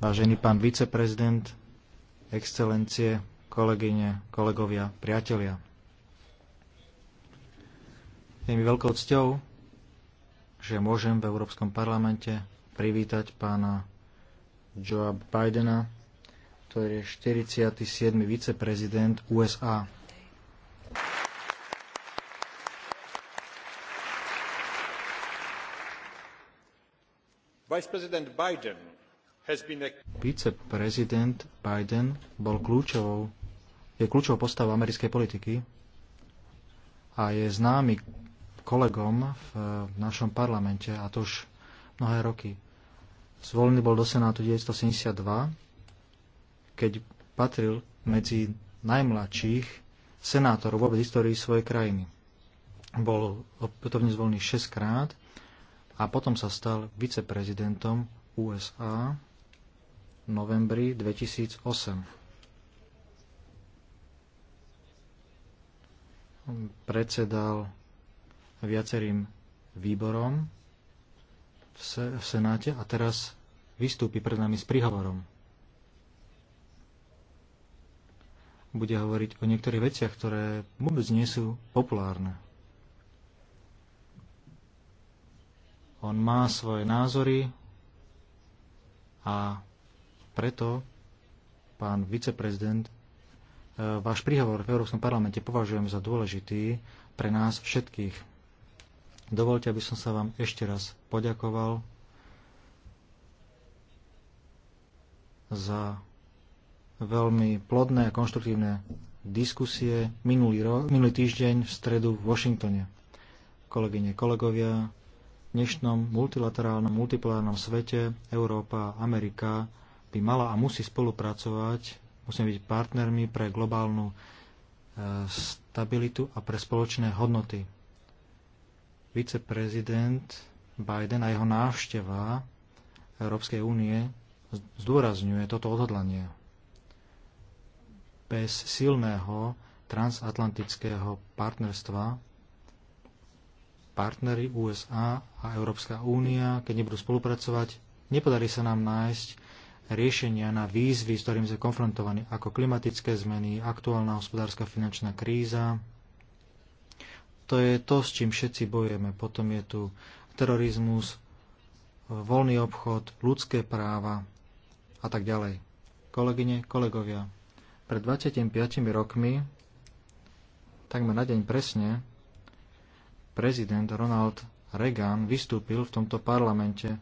Vážený pán viceprezident, excelencie, kolegyne, kolegovia, priatelia. Je mi veľkou cťou, že môžem v Európskom parlamente privítať pána Joea Bidena, ktorý je 47. viceprezident USA. Viceprezident Biden bol kľúčovou, je kľúčovou postavou americkej politiky a je známy kolegom v našom parlamente a to už mnohé roky. Zvolený bol do Senátu 1972, keď patril medzi najmladších senátorov vôbec v histórii svojej krajiny. Bol opätovne zvolený 6 krát a potom sa stal viceprezidentom USA v novembri 2008. Predsedal viacerým výborom v Senáte a teraz vystúpi pred nami s príhovorom. Bude hovoriť o niektorých veciach, ktoré vôbec nie sú populárne. On má svoje názory a preto, pán viceprezident, e, váš príhovor v Európskom parlamente považujem za dôležitý pre nás všetkých. Dovolte, aby som sa vám ešte raz poďakoval za veľmi plodné a konštruktívne diskusie minulý, ro- minulý týždeň v stredu v Washingtone. Kolegyne, kolegovia, dnešnom multilaterálnom, multipolárnom svete Európa, Amerika by mala a musí spolupracovať, musíme byť partnermi pre globálnu e, stabilitu a pre spoločné hodnoty. Viceprezident Biden a jeho návšteva Európskej únie zdôrazňuje toto odhodlanie. Bez silného transatlantického partnerstva partnery USA a Európska únia, keď nebudú spolupracovať, nepodarí sa nám nájsť riešenia na výzvy, s ktorými sme konfrontovaní, ako klimatické zmeny, aktuálna hospodárska finančná kríza. To je to, s čím všetci bojujeme. Potom je tu terorizmus, voľný obchod, ľudské práva a tak ďalej. Kolegyne, kolegovia, pred 25 rokmi, takmer na deň presne, prezident Ronald Reagan vystúpil v tomto parlamente.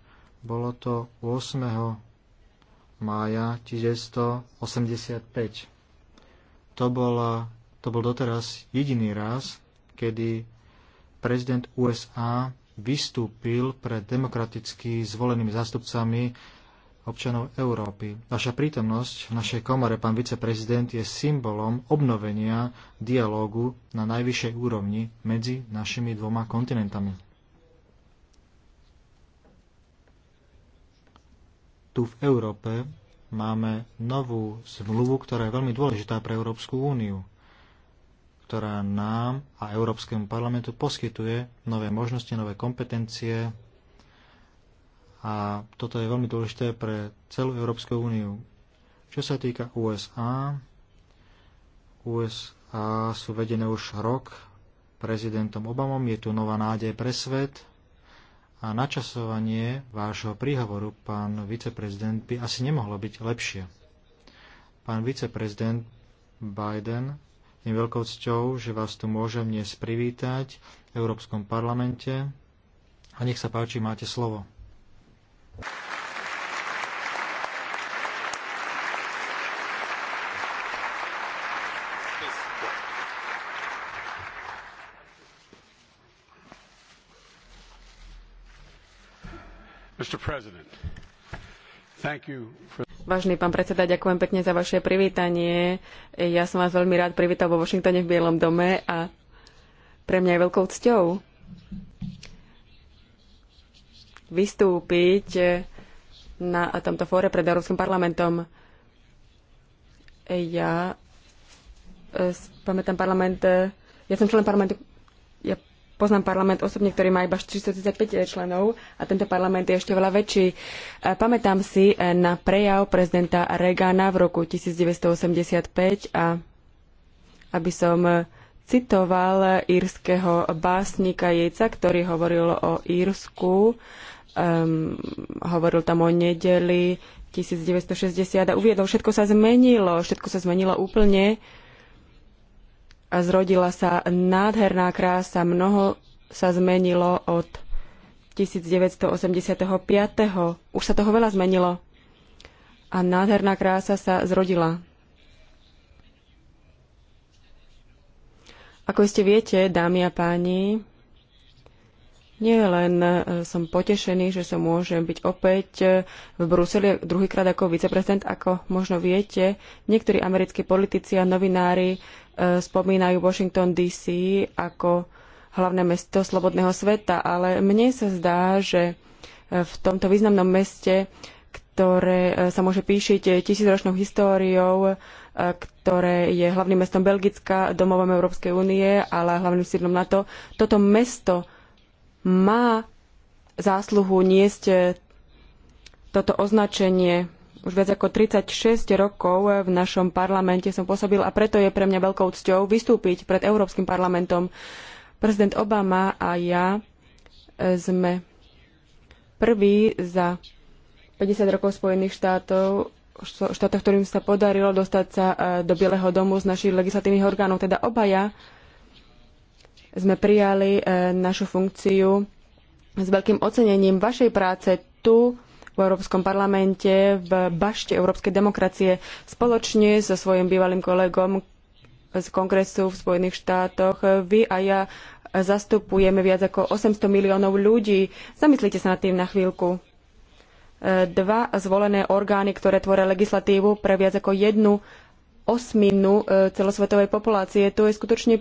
Bolo to 8. mája 1985. To, bol, to bol doteraz jediný raz, kedy prezident USA vystúpil pred demokraticky zvolenými zástupcami občanov Európy. Vaša prítomnosť v našej komore, pán viceprezident, je symbolom obnovenia dialógu na najvyššej úrovni medzi našimi dvoma kontinentami. Tu v Európe máme novú zmluvu, ktorá je veľmi dôležitá pre Európsku úniu, ktorá nám a Európskemu parlamentu poskytuje nové možnosti, nové kompetencie, a toto je veľmi dôležité pre celú Európsku úniu. Čo sa týka USA, USA sú vedené už rok prezidentom Obamom, je tu nová nádej pre svet a načasovanie vášho príhovoru, pán viceprezident, by asi nemohlo byť lepšie. Pán viceprezident Biden, je veľkou cťou, že vás tu môžem dnes privítať v Európskom parlamente a nech sa páči, máte slovo. Vážený pán predseda, ďakujem pekne za vaše privítanie. Ja som vás veľmi rád privítal vo Washingtone v Bielom dome a pre mňa je veľkou cťou vystúpiť eh, na tomto fóre pred Európskym parlamentom. Ja eh, pamätám parlament, eh, ja som člen parlamentu, ja poznám parlament osobne, ktorý má iba 435 členov a tento parlament je ešte veľa väčší. Pamätám si na prejav prezidenta Reagana v roku 1985 a aby som citoval írskeho básnika Jejca, ktorý hovoril o Írsku um, hovoril tam o nedeli 1960 a uviedol, všetko sa zmenilo, všetko sa zmenilo úplne a zrodila sa nádherná krása, mnoho sa zmenilo od 1985. Už sa toho veľa zmenilo a nádherná krása sa zrodila. Ako ste viete, dámy a páni, nie len e, som potešený, že sa môžem byť opäť e, v Bruseli druhýkrát ako viceprezident, ako možno viete. Niektorí americkí politici a novinári e, spomínajú Washington DC ako hlavné mesto slobodného sveta, ale mne sa zdá, že v tomto významnom meste, ktoré sa môže píšiť tisícročnou históriou, ktoré je hlavným mestom Belgická, domovom Európskej únie, ale hlavným sídlom NATO, toto mesto má zásluhu niesť toto označenie. Už viac ako 36 rokov v našom parlamente som pôsobil a preto je pre mňa veľkou cťou vystúpiť pred Európskym parlamentom. Prezident Obama a ja sme prví za 50 rokov Spojených štátov, štátoch, ktorým sa podarilo dostať sa e, do Bieleho domu z našich legislatívnych orgánov. Teda obaja sme prijali e, našu funkciu s veľkým ocenením vašej práce tu v Európskom parlamente, v bašte Európskej demokracie, spoločne so svojim bývalým kolegom z kongresu v Spojených štátoch. Vy a ja zastupujeme viac ako 800 miliónov ľudí. Zamyslite sa nad tým na chvíľku. E, dva zvolené orgány, ktoré tvoria legislatívu pre viac ako jednu osminu e, celosvetovej populácie. To je skutočne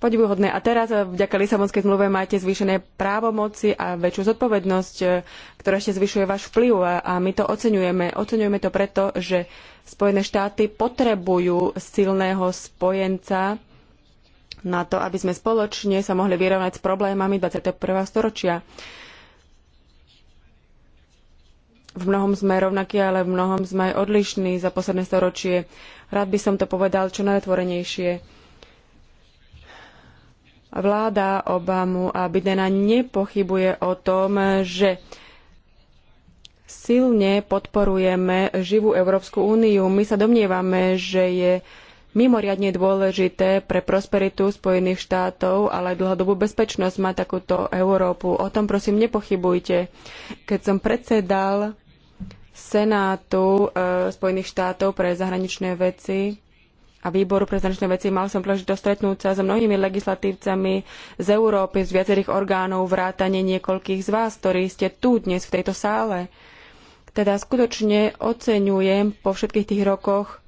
podivuhodné. A teraz eh, vďaka Lisabonskej zmluve máte zvýšené právomoci a väčšiu zodpovednosť, eh, ktorá ešte zvyšuje váš vplyv a my to oceňujeme. Oceňujeme to preto, že Spojené štáty potrebujú silného spojenca na to, aby sme spoločne sa mohli vyrovnať s problémami 21. storočia. V mnohom sme rovnakí, ale v mnohom sme aj odlišní za posledné storočie. Rád by som to povedal čo najotvorenejšie Vláda Obamu a Bidena nepochybuje o tom, že silne podporujeme živú Európsku úniu. My sa domnievame, že je mimoriadne dôležité pre prosperitu Spojených štátov, ale aj dlhodobú bezpečnosť má takúto Európu. O tom prosím nepochybujte. Keď som predsedal Senátu e, Spojených štátov pre zahraničné veci, a výboru pre zahraničné veci mal som príležitosť stretnúť sa s mnohými legislatívcami z Európy, z viacerých orgánov, vrátane niekoľkých z vás, ktorí ste tu dnes v tejto sále. Teda skutočne oceňujem po všetkých tých rokoch,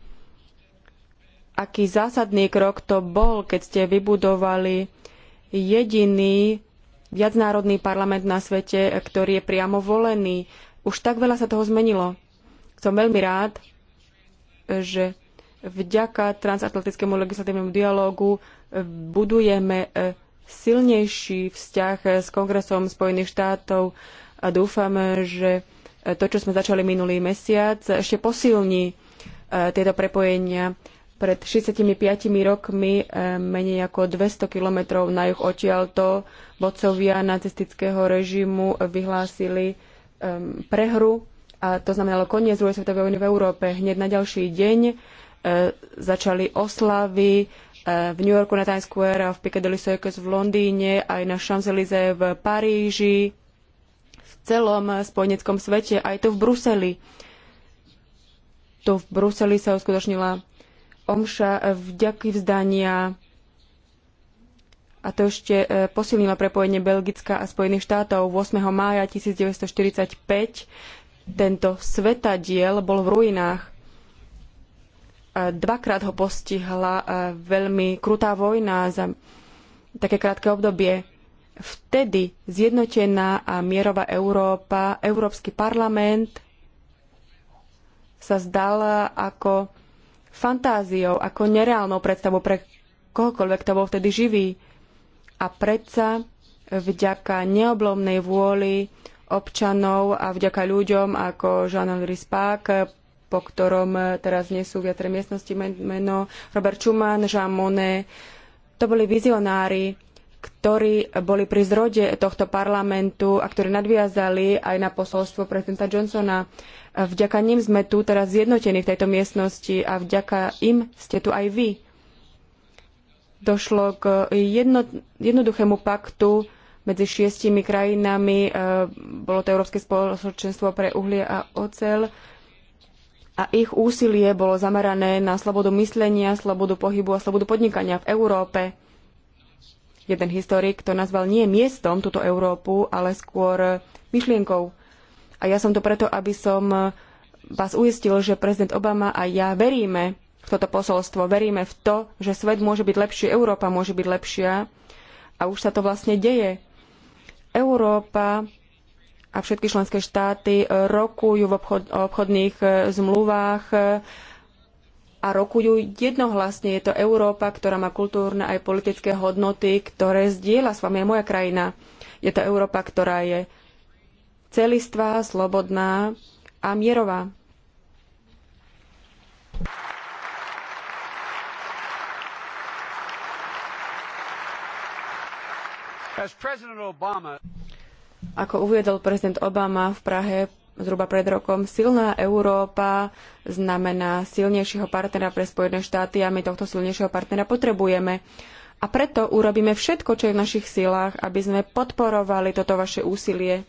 aký zásadný krok to bol, keď ste vybudovali jediný viacnárodný parlament na svete, ktorý je priamo volený. Už tak veľa sa toho zmenilo. Som veľmi rád, že vďaka transatlantickému legislatívnemu dialógu e, budujeme e, silnejší vzťah e, s Kongresom Spojených štátov a dúfam, že to, čo sme začali minulý mesiac, ešte posilní tieto prepojenia. Pred 65 rokmi menej ako 200 kilometrov na juh odtiaľto vodcovia nacistického režimu vyhlásili prehru a to znamenalo koniec druhej svetovej vojny v Európe. Hneď na ďalší deň E, začali oslavy e, v New Yorku na Times Square a v Piccadilly Circus v Londýne, aj na Champs-Élysées v Paríži, v celom spojeneckom svete, aj tu v Bruseli. Tu v Bruseli sa uskutočnila omša vďaky vzdania a to ešte e, posilnilo prepojenie Belgicka a Spojených štátov. 8. mája 1945 tento svetadiel bol v ruinách Dvakrát ho postihla eh, veľmi krutá vojna za také krátke obdobie. Vtedy zjednotená a mierová Európa, Európsky parlament sa zdal ako fantáziou, ako nereálnou predstavou pre kohokoľvek, kto bol vtedy živý. A predsa vďaka neoblomnej vôli občanov a vďaka ľuďom ako Jean-Henri Spack po ktorom e, teraz nie sú viaceré miestnosti, meno Robert Schumann, Jean Monnet. To boli vizionári, ktorí boli pri zrode tohto parlamentu a ktorí nadviazali aj na posolstvo prezidenta Johnsona. Vďaka nim sme tu teraz zjednotení v tejto miestnosti a vďaka im ste tu aj vy. Došlo k jedno, jednoduchému paktu medzi šiestimi krajinami. E, bolo to Európske spoločenstvo pre uhlie a oceľ a ich úsilie bolo zamerané na slobodu myslenia, slobodu pohybu a slobodu podnikania v Európe. Jeden historik to nazval nie miestom túto Európu, ale skôr myšlienkou. A ja som to preto, aby som vás uistil, že prezident Obama a ja veríme v toto posolstvo, veríme v to, že svet môže byť lepší, Európa môže byť lepšia a už sa to vlastne deje. Európa a všetky členské štáty e, rokujú v obchodných e, zmluvách e, a rokujú jednohlasne. Je to Európa, ktorá má kultúrne aj politické hodnoty, ktoré zdieľa s vami aj moja krajina. Je to Európa, ktorá je celistvá, slobodná a mierová. As President Obama ako uviedol prezident Obama v Prahe zhruba pred rokom, silná Európa znamená silnejšieho partnera pre Spojené štáty a my tohto silnejšieho partnera potrebujeme. A preto urobíme všetko, čo je v našich silách, aby sme podporovali toto vaše úsilie,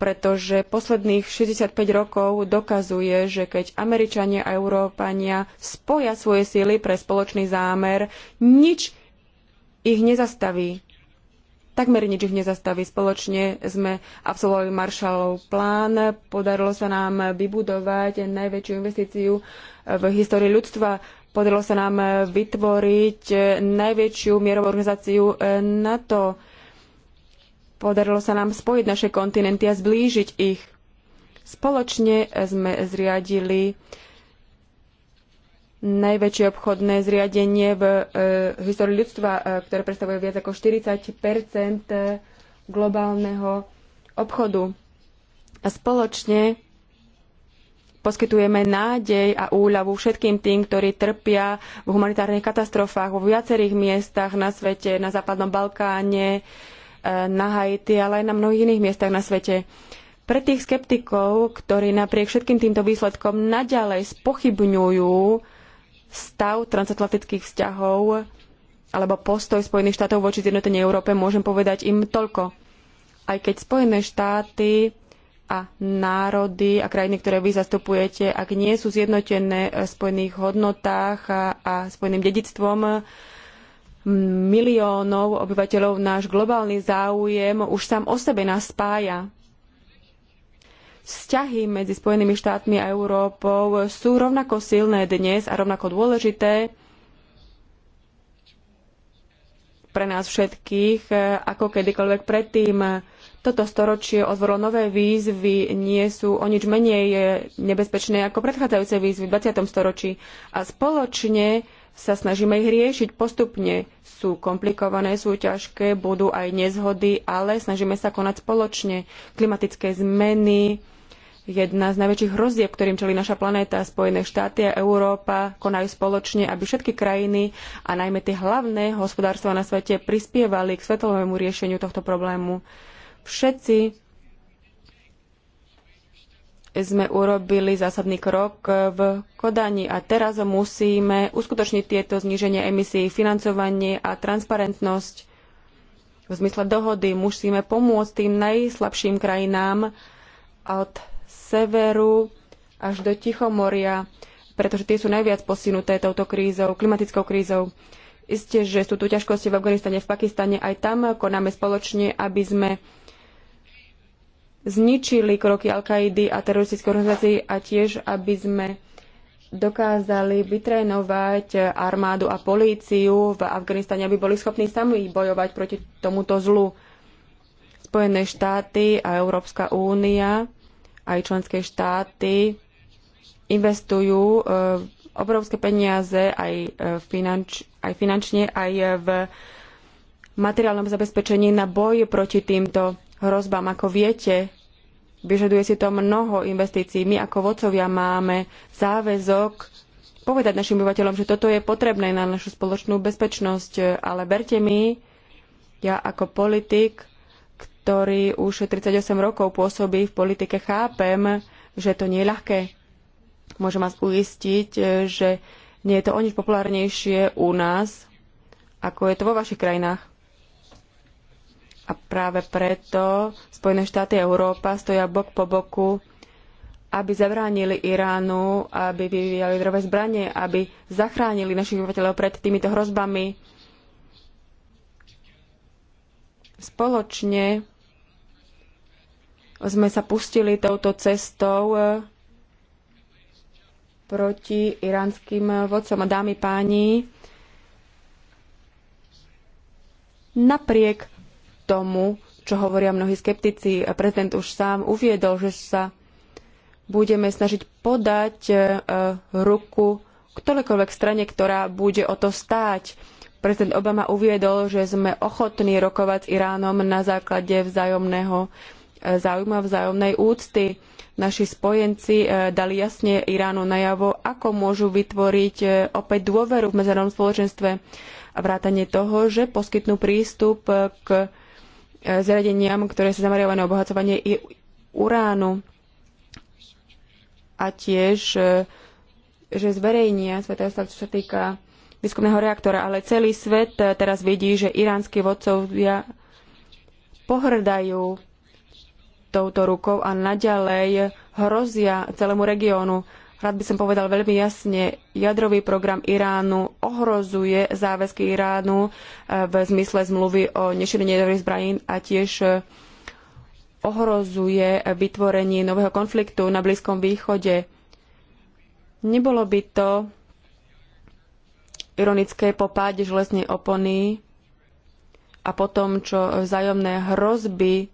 pretože posledných 65 rokov dokazuje, že keď Američania a Európania spoja svoje sily pre spoločný zámer, nič ich nezastaví takmer nič ich nezastaví. Spoločne sme absolvovali Marshallov plán, podarilo sa nám vybudovať najväčšiu investíciu v histórii ľudstva, podarilo sa nám vytvoriť najväčšiu mierovú organizáciu NATO, podarilo sa nám spojiť naše kontinenty a zblížiť ich. Spoločne sme zriadili najväčšie obchodné zriadenie v e, histórii ľudstva, e, ktoré predstavuje viac ako 40 eh, globálneho obchodu. A spoločne poskytujeme nádej a úľavu všetkým tým, ktorí trpia v humanitárnych katastrofách vo viacerých miestach na svete, na Západnom Balkáne, na Haiti, ale aj na mnohých iných miestach na svete. Pre tých skeptikov, ktorí napriek všetkým týmto výsledkom naďalej spochybňujú stav transatlantických vzťahov alebo postoj Spojených štátov voči zjednotenej Európe, môžem povedať im toľko. Aj keď Spojené štáty a národy a krajiny, ktoré vy zastupujete, ak nie sú zjednotené v spojených hodnotách a, a spojeným dedictvom miliónov obyvateľov, náš globálny záujem už sám o sebe nás spája vzťahy medzi Spojenými štátmi a Európou sú rovnako silné dnes a rovnako dôležité pre nás všetkých ako kedykoľvek predtým toto storočie otvorilo nové výzvy, nie sú o nič menej nebezpečné ako predchádzajúce výzvy v 20. storočí. A spoločne sa snažíme ich riešiť postupne. Sú komplikované, sú ťažké, budú aj nezhody, ale snažíme sa konať spoločne. Klimatické zmeny, jedna z najväčších hrozieb, ktorým čeli naša planéta, Spojené štáty a Európa konajú spoločne, aby všetky krajiny a najmä tie hlavné hospodárstva na svete prispievali k svetovému riešeniu tohto problému. Všetci sme urobili zásadný krok v Kodani a teraz musíme uskutočniť tieto zníženie emisí, financovanie a transparentnosť. V zmysle dohody musíme pomôcť tým najslabším krajinám od severu až do Tichomoria, pretože tie sú najviac posunuté touto krízou, klimatickou krízou. Isté, že sú tu ťažkosti v Afganistane, v Pakistane, aj tam konáme spoločne, aby sme zničili kroky Al-Kaidy a teroristických organizácií a tiež, aby sme dokázali vytrénovať armádu a políciu v Afganistane, aby boli schopní sami bojovať proti tomuto zlu. Spojené štáty a Európska únia aj členské štáty investujú e, obrovské peniaze aj, e, finanč, aj finančne, aj v materiálnom zabezpečení na boj proti týmto hrozbám. Ako viete, vyžaduje si to mnoho investícií. My ako vodcovia máme záväzok povedať našim obyvateľom, že toto je potrebné na našu spoločnú bezpečnosť. Ale berte mi, ja ako politik, ktorý už 38 rokov pôsobí v politike, chápem, že to nie je ľahké. Môžem vás uistiť, že nie je to o nič populárnejšie u nás, ako je to vo vašich krajinách. A práve preto Spojené štáty a Európa stoja bok po boku, aby zabránili Iránu, aby vyvíjali drové zbranie, aby zachránili našich obyvateľov pred týmito hrozbami. Spoločne sme sa pustili touto cestou e, proti iránskym vodcom. Dámy páni, napriek tomu, čo hovoria mnohí skeptici. Prezident už sám uviedol, že sa budeme snažiť podať e, ruku k ktorékoľvek strane, ktorá bude o to stáť. Prezident Obama uviedol, že sme ochotní rokovať s Iránom na základe vzájomného e, záujma, vzájomnej úcty. Naši spojenci e, dali jasne Iránu najavo, ako môžu vytvoriť opäť dôveru v medzinárodnom spoločenstve a vrátanie toho, že poskytnú prístup k E, zariadeniam, ktoré sa zameriavajú na obohacovanie i uránu a tiež, e, že zverejnia svetého stav, čo sa týka výskumného reaktora, ale celý svet e, teraz vidí, že iránsky vodcovia pohrdajú touto rukou a naďalej hrozia celému regiónu. Rád by som povedal veľmi jasne, jadrový program Iránu ohrozuje záväzky Iránu e, v zmysle zmluvy o nešírení jadrových zbraní a tiež e, ohrozuje vytvorenie nového konfliktu na Blízkom východe. Nebolo by to ironické po páde železnej opony a po tom, čo vzájomné hrozby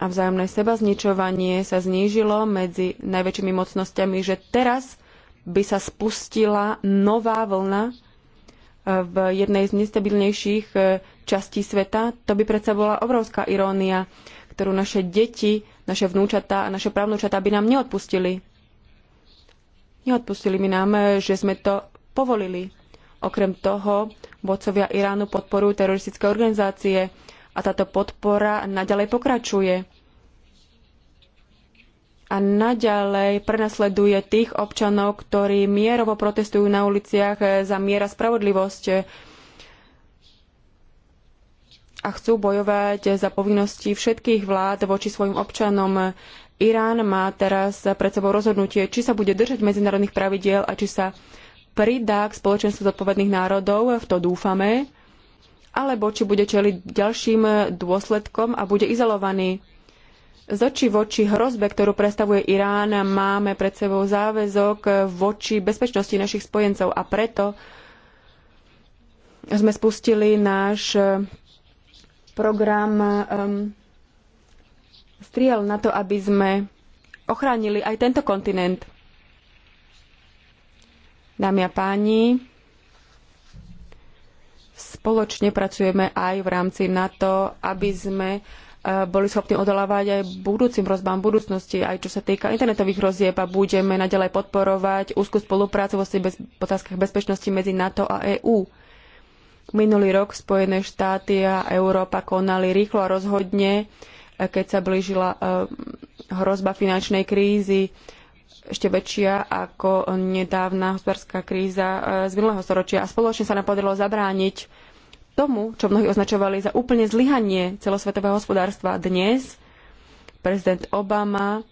a vzájomné seba zničovanie sa znížilo medzi najväčšími mocnosťami, že teraz by sa spustila nová vlna eh, v jednej z nestabilnejších eh, častí sveta. To by predsa bola obrovská irónia, ktorú naše deti, naše vnúčatá a naše právnúčata by nám neodpustili. Neodpustili by nám, eh, že sme to povolili. Okrem toho, vodcovia Iránu podporujú teroristické organizácie, a táto podpora naďalej pokračuje a naďalej prenasleduje tých občanov, ktorí mierovo protestujú na uliciach za miera spravodlivosť a chcú bojovať za povinnosti všetkých vlád voči svojim občanom. Irán má teraz pred sebou rozhodnutie, či sa bude držať medzinárodných pravidiel a či sa pridá k spoločenstvu zodpovedných národov, v to dúfame alebo či bude čeliť ďalším dôsledkom a bude izolovaný. Z očí voči hrozbe, ktorú predstavuje Irán, máme pred sebou záväzok voči bezpečnosti našich spojencov a preto sme spustili náš eh, program um, striel na to, aby sme ochránili aj tento kontinent. Dámy a páni, spoločne pracujeme aj v rámci NATO, aby sme e, boli schopní odolávať aj budúcim hrozbám budúcnosti, aj čo sa týka internetových hrozieb a budeme naďalej podporovať úzku spoluprácu v bez, otázkach bezpečnosti medzi NATO a EÚ. Minulý rok Spojené štáty a Európa konali rýchlo a rozhodne, e, keď sa blížila e, hrozba finančnej krízy ešte väčšia ako nedávna hospodárska kríza z minulého storočia a spoločne sa nám podarilo zabrániť tomu, čo mnohí označovali za úplne zlyhanie celosvetového hospodárstva dnes, prezident Obama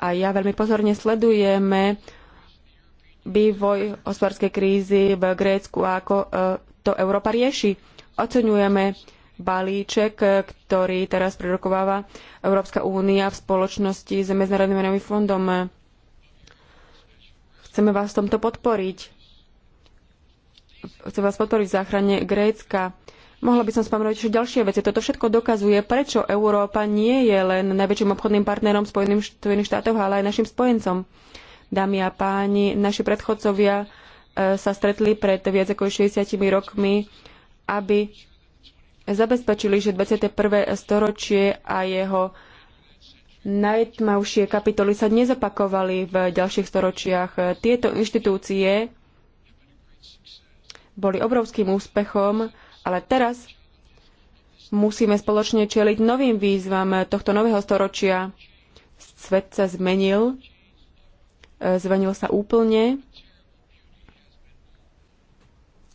a ja veľmi pozorne sledujeme vývoj hospodárskej krízy v Grécku a ako e, to Európa rieši. Oceňujeme balíček, ktorý teraz prerokováva Európska únia v spoločnosti s Medzinárodným menovým fondom. Chceme vás v tomto podporiť chcem vás podporiť v záchrane Grécka. Mohla by som spomenúť ešte ďalšie veci. Toto všetko dokazuje, prečo Európa nie je len najväčším obchodným partnerom Spojených štátov, ale aj našim spojencom. Dámy a páni, naši predchodcovia e, sa stretli pred viac ako 60 rokmi, aby zabezpečili, že 21. storočie a jeho najtmavšie kapitoly sa nezopakovali v ďalších storočiach. Tieto inštitúcie boli obrovským úspechom, ale teraz musíme spoločne čeliť novým výzvam tohto nového storočia. Svet sa zmenil, e, zmenil sa úplne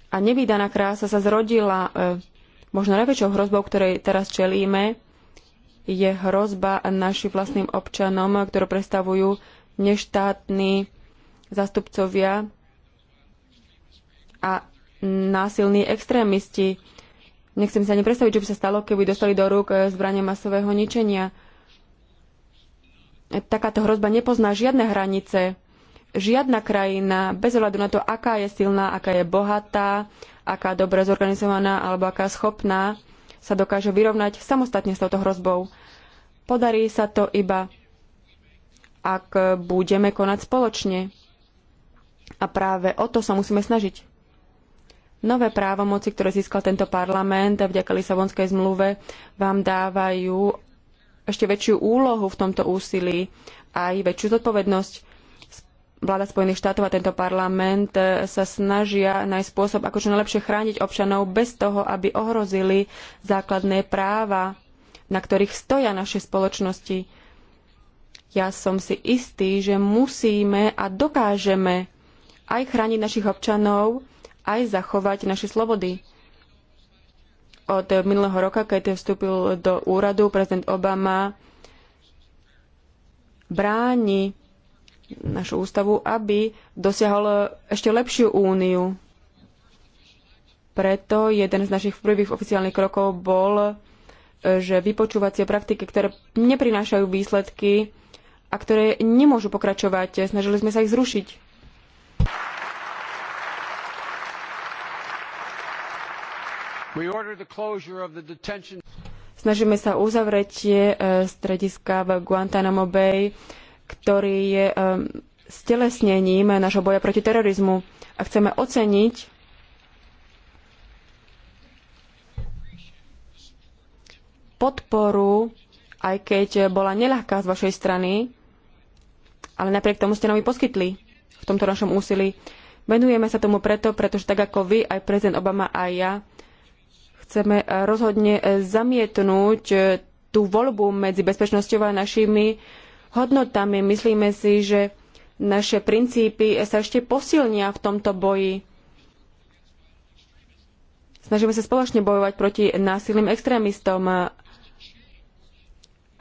a nevydaná krása sa zrodila. E, možno najväčšou hrozbou, ktorej teraz čelíme, je hrozba našim vlastným občanom, ktorú predstavujú neštátni zastupcovia a násilní extrémisti. Nechcem sa ani predstaviť, čo by sa stalo, keby dostali do rúk eh, zbranie masového ničenia. Takáto hrozba nepozná žiadne hranice. Žiadna krajina, bez ohľadu na to, aká je silná, aká je bohatá, aká dobre zorganizovaná alebo aká schopná, sa dokáže vyrovnať samostatne s touto hrozbou. Podarí sa to iba, ak budeme konať spoločne. A práve o to sa musíme snažiť. Nové právomoci, ktoré získal tento parlament vďaka Lisabonskej zmluve, vám dávajú ešte väčšiu úlohu v tomto úsilí aj väčšiu zodpovednosť. Vláda Spojených štátov a tento parlament sa snažia nájsť spôsob, ako čo najlepšie chrániť občanov bez toho, aby ohrozili základné práva, na ktorých stoja naše spoločnosti. Ja som si istý, že musíme a dokážeme aj chrániť našich občanov aj zachovať naše slobody. Od minulého roka, keď vstúpil do úradu, prezident Obama bráni našu ústavu, aby dosiahol ešte lepšiu úniu. Preto jeden z našich prvých oficiálnych krokov bol, že vypočúvacie praktiky, ktoré neprinášajú výsledky a ktoré nemôžu pokračovať, snažili sme sa ich zrušiť. Snažíme sa uzavretie e, strediska v Guantanamo Bay, ktorý je e, stelesnením nášho boja proti terorizmu. A chceme oceniť podporu, aj keď bola neľahká z vašej strany, ale napriek tomu ste nám ju poskytli v tomto našom úsilí. Venujeme sa tomu preto, pretože tak ako vy, aj prezident Obama aj ja chceme rozhodne zamietnúť e, tú voľbu medzi bezpečnosťou a našimi hodnotami. Myslíme si, že naše princípy sa ešte posilnia v tomto boji. Snažíme sa spoločne bojovať proti násilným extrémistom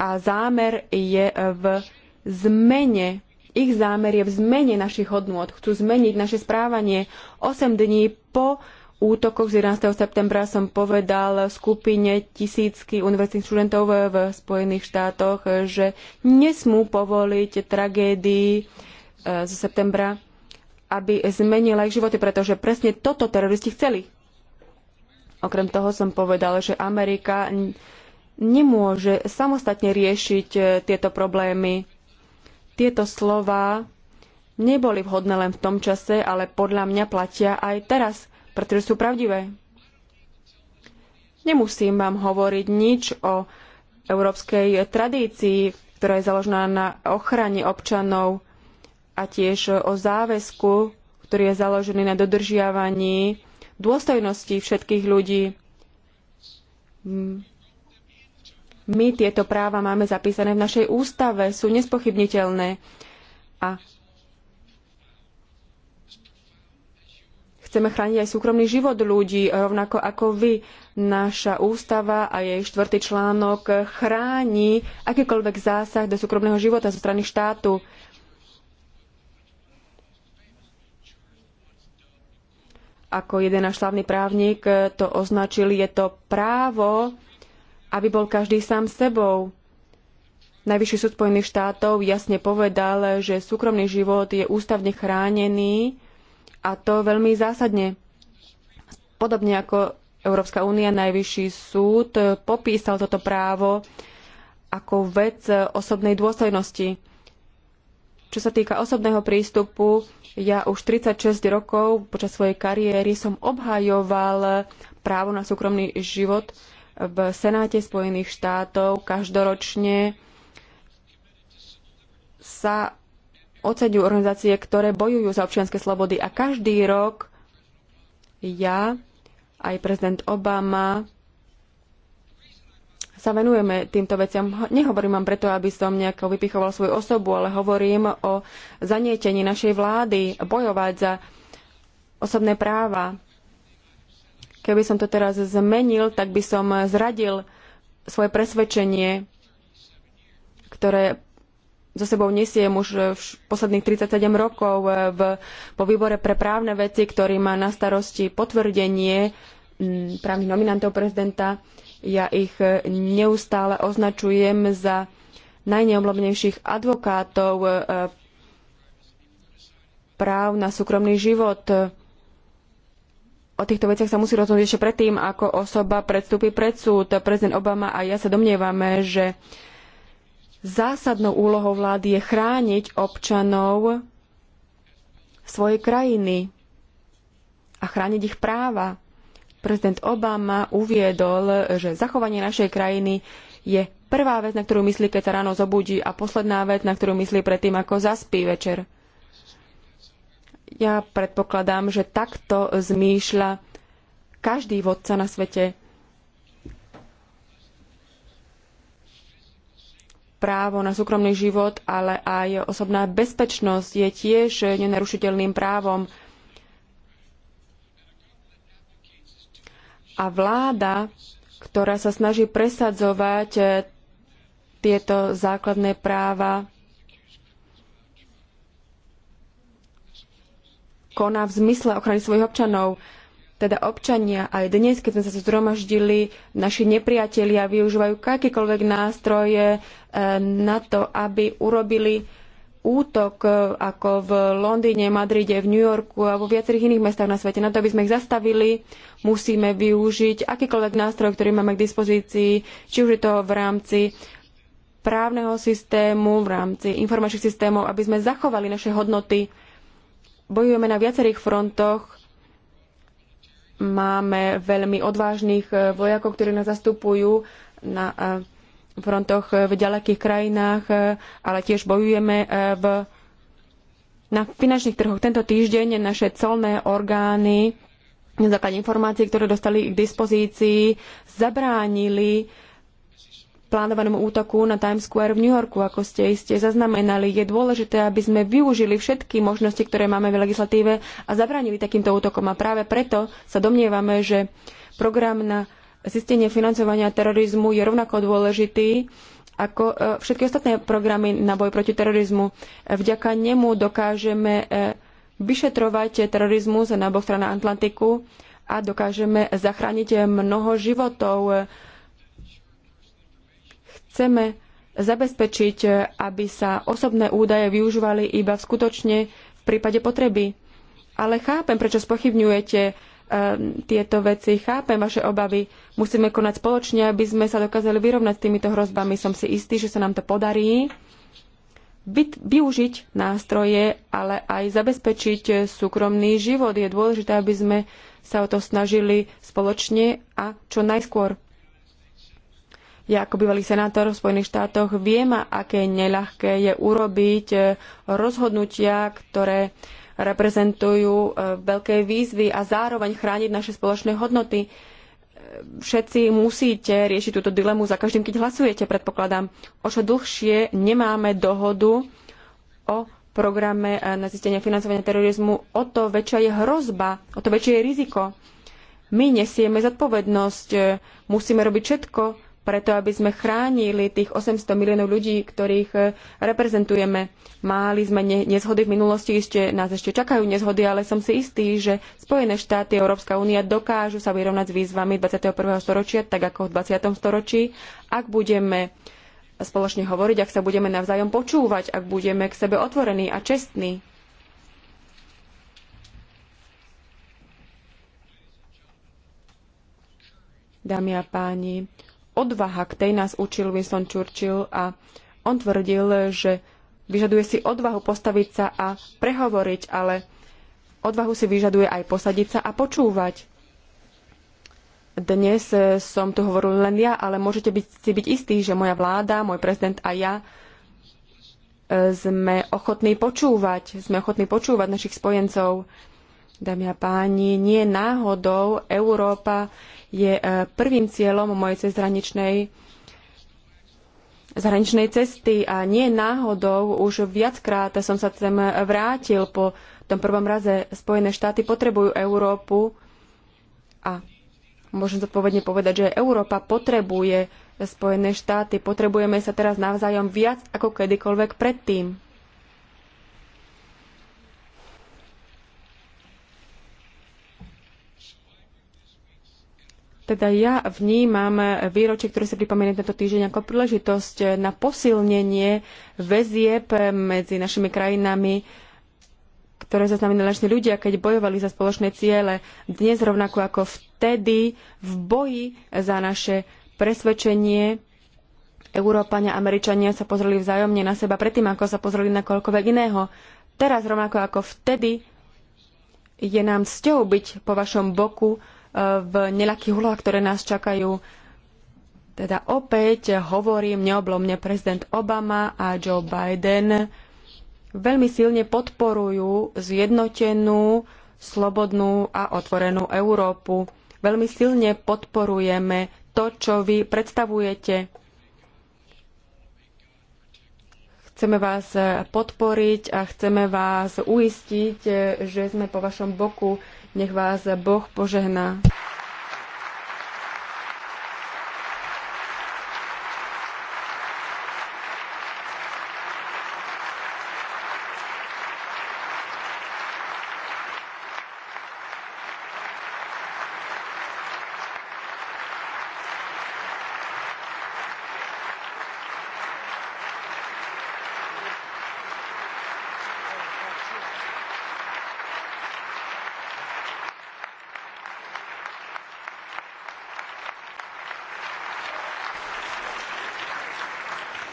a zámer je v zmene ich zámer je v zmene našich hodnôt. Chcú zmeniť naše správanie 8 dní po útokoch z 11. septembra som povedal skupine tisícky univerzitných študentov v Spojených štátoch, že nesmú povoliť tragédii e, z septembra, aby zmenila ich životy, pretože presne toto teroristi chceli. Okrem toho som povedal, že Amerika nemôže samostatne riešiť e, tieto problémy. Tieto slova neboli vhodné len v tom čase, ale podľa mňa platia aj teraz pretože sú pravdivé. Nemusím vám hovoriť nič o európskej tradícii, ktorá je založená na ochrane občanov a tiež o záväzku, ktorý je založený na dodržiavaní dôstojnosti všetkých ľudí. My tieto práva máme zapísané v našej ústave, sú nespochybniteľné. A Chceme chrániť aj súkromný život ľudí, e, rovnako ako vy. Naša ústava a jej štvrtý článok chráni akýkoľvek zásah do súkromného života zo strany štátu. Ako jeden náš slavný právnik e, to označil, je to právo, aby bol každý sám sebou. Najvyšší súd Spojených štátov jasne povedal, že súkromný život je ústavne chránený a to veľmi zásadne. Podobne ako Európska únia, Najvyšší súd popísal toto právo ako vec osobnej dôstojnosti. Čo sa týka osobného prístupu, ja už 36 rokov počas svojej kariéry som obhajoval právo na súkromný život v Senáte Spojených štátov. Každoročne sa oceňujú organizácie, ktoré bojujú za občianske slobody. A každý rok ja aj prezident Obama sa venujeme týmto veciam. Nehovorím vám preto, aby som nejako vypichoval svoju osobu, ale hovorím o zanietení našej vlády bojovať za osobné práva. Keby som to teraz zmenil, tak by som zradil svoje presvedčenie, ktoré so sebou nesiem už eh, posledných 37 rokov eh, v, po výbore pre právne veci, ktorý má na starosti potvrdenie mm, právnych nominantov prezidenta. Ja ich eh, neustále označujem za najneobľobnejších advokátov práv na súkromný život. O týchto veciach sa musí rozhodnúť ešte predtým, ako osoba predstúpi pred súd. Prezident Obama a ja sa domnievame, že zásadnou úlohou vlády je chrániť občanov svojej krajiny a chrániť ich práva. Prezident Obama uviedol, že zachovanie našej krajiny je prvá vec, na ktorú myslí, keď sa ráno zobudí a posledná vec, na ktorú myslí predtým, ako zaspí večer. Ja predpokladám, že takto zmýšľa každý vodca na svete. právo na súkromný život, ale aj osobná bezpečnosť je tiež nenarušiteľným právom. A vláda, ktorá sa snaží presadzovať eh, tieto základné práva, koná v zmysle ochrany svojich občanov. Teda občania aj dnes, keď sme sa zhromaždili, naši nepriatelia využívajú akékoľvek nástroje eh, na to, aby urobili útok eh, ako v Londýne, Madride, v New Yorku a vo viacerých iných mestách na svete. Na to, aby sme ich zastavili, musíme využiť akýkoľvek nástroj, ktorý máme k dispozícii, či už je to v rámci právneho systému, v rámci informačných systémov, aby sme zachovali naše hodnoty. Bojujeme na viacerých frontoch Máme veľmi odvážnych eh, vojakov, ktorí nás zastupujú na eh, frontoch eh, v ďalekých krajinách, ale tiež bojujeme v, na finančných trhoch. Tento týždeň naše celné orgány na základe informácií, ktoré dostali k dispozícii, zabránili plánovanom útoku na Times Square v New Yorku, ako ste iste zaznamenali. Je dôležité, aby sme využili všetky možnosti, ktoré máme v legislatíve a zabránili takýmto útokom. A práve preto sa domnievame, že program na zistenie financovania terorizmu je rovnako dôležitý ako e, všetky ostatné programy na boj proti terorizmu. Vďaka nemu dokážeme e, vyšetrovať terorizmus na oboch stranách Atlantiku a dokážeme zachrániť mnoho životov Chceme zabezpečiť, aby sa osobné údaje využívali iba skutočne v prípade potreby. Ale chápem, prečo spochybňujete e, tieto veci, chápem vaše obavy. Musíme konať spoločne, aby sme sa dokázali vyrovnať s týmito hrozbami. Som si istý, že sa nám to podarí využiť nástroje, ale aj zabezpečiť súkromný život. Je dôležité, aby sme sa o to snažili spoločne a čo najskôr. Ja ako bývalý senátor v Spojených štátoch viem, aké neľahké je urobiť eh, rozhodnutia, ktoré reprezentujú eh, veľké výzvy a zároveň chrániť naše spoločné hodnoty. Eh, všetci musíte riešiť túto dilemu za každým, keď hlasujete, predpokladám. O čo dlhšie nemáme dohodu o programe na zistenie financovania terorizmu, o to väčšia je hrozba, o to väčšie je riziko. My nesieme zodpovednosť, musíme robiť všetko, preto aby sme chránili tých 800 miliónov ľudí, ktorých eh, reprezentujeme. Mali sme ne- nezhody v minulosti, ešte nás ešte čakajú nezhody, ale som si istý, že Spojené štáty a Európska únia dokážu sa vyrovnať s výzvami 21. storočia, tak ako v 20. storočí, ak budeme spoločne hovoriť, ak sa budeme navzájom počúvať, ak budeme k sebe otvorení a čestní. Dámy a páni, odvaha, k tej nás učil Winston Churchill a on tvrdil, že vyžaduje si odvahu postaviť sa a prehovoriť, ale odvahu si vyžaduje aj posadiť sa a počúvať. Dnes som tu hovoril len ja, ale môžete byť, si byť istí, že moja vláda, môj prezident a ja e, sme ochotní počúvať, sme ochotní počúvať našich spojencov, Dámy a páni, nie náhodou Európa je e, prvým cieľom mojej cezhraničnej zahraničnej cesty a nie náhodou už viackrát som sa sem vrátil po tom prvom raze. Spojené štáty potrebujú Európu a môžem zodpovedne povedať, že Európa potrebuje Spojené štáty. Potrebujeme sa teraz navzájom viac ako kedykoľvek predtým. Teda ja vnímam výročie, ktoré sa pripomína tento týždeň ako príležitosť na posilnenie väzieb medzi našimi krajinami, ktoré zaznamenali naši ľudia, keď bojovali za spoločné ciele. Dnes rovnako ako vtedy v boji za naše presvedčenie Európania a Američania sa pozreli vzájomne na seba predtým, ako sa pozreli na koľkoľvek iného. Teraz rovnako ako vtedy je nám cťou byť po vašom boku v nelakých úlohách, ktoré nás čakajú. Teda opäť hovorím neoblomne prezident Obama a Joe Biden veľmi silne podporujú zjednotenú, slobodnú a otvorenú Európu. Veľmi silne podporujeme to, čo vy predstavujete. Chceme vás podporiť a chceme vás uistiť, že sme po vašom boku nech vás Boh požehná.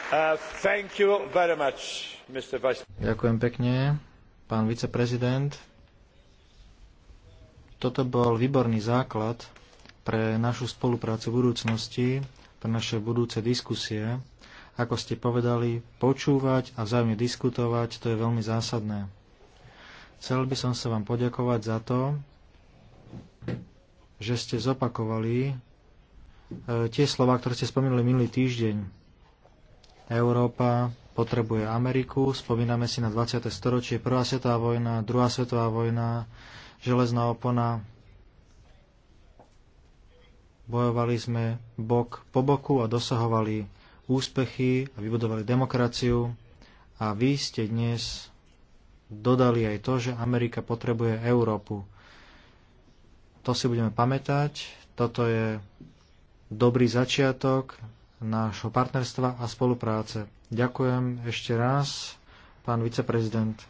Uh, Ďakujem pekne, pán viceprezident. Toto bol výborný základ pre našu spoluprácu v budúcnosti, pre naše budúce diskusie. Ako ste povedali, počúvať a vzájomne diskutovať, to je veľmi zásadné. Chcel by som sa vám poďakovať za to, že ste zopakovali eh, tie slova, ktoré ste spomenuli minulý týždeň Európa potrebuje Ameriku. Spomíname si na 20. storočie, Prvá svetová vojna, Druhá svetová vojna, železná opona. Bojovali sme bok po boku a dosahovali úspechy a vybudovali demokraciu. A vy ste dnes dodali aj to, že Amerika potrebuje Európu. To si budeme pamätať. Toto je dobrý začiatok nášho partnerstva a spolupráce. Ďakujem ešte raz, pán viceprezident.